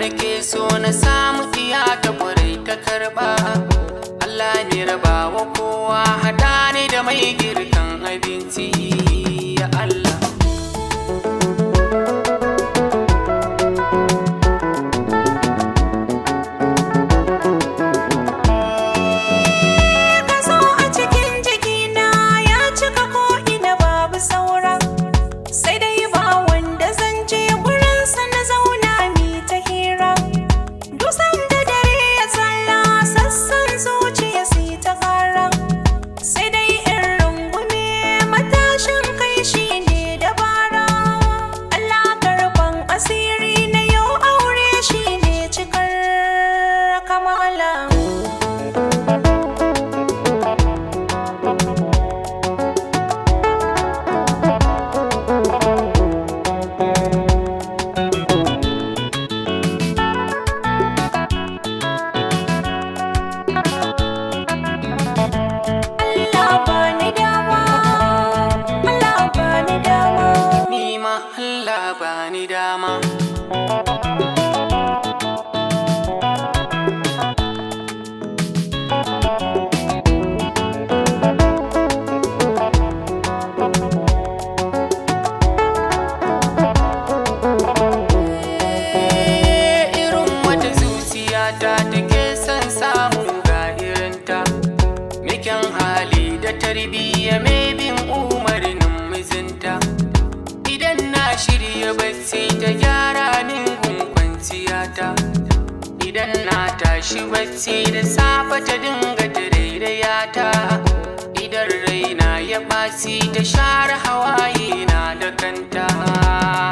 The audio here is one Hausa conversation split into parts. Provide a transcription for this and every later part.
nake so na samu iya ta kwarai ta karba Allah ne rabawa kowa hada ne da mai girkan abinci ya Allah tarbiyya mai bin umarnin mijinta idan na shirya bacci ta gyara min kwanciyata idan na tashi bacci da safe ta dinga tarairayata idan raina ya ɓaci ta share hawaye na da kanta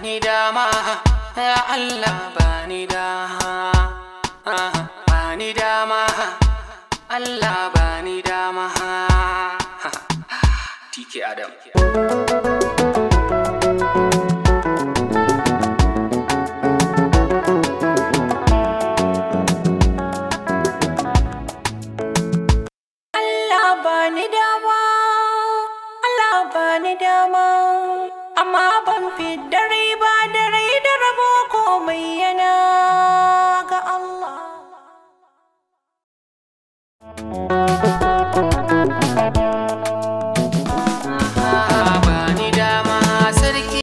bani dama Allah bani dama bani dama Allah bani dama TK Adam Allah bani bani dama amma ban fi dare ba dare da rabo komai yana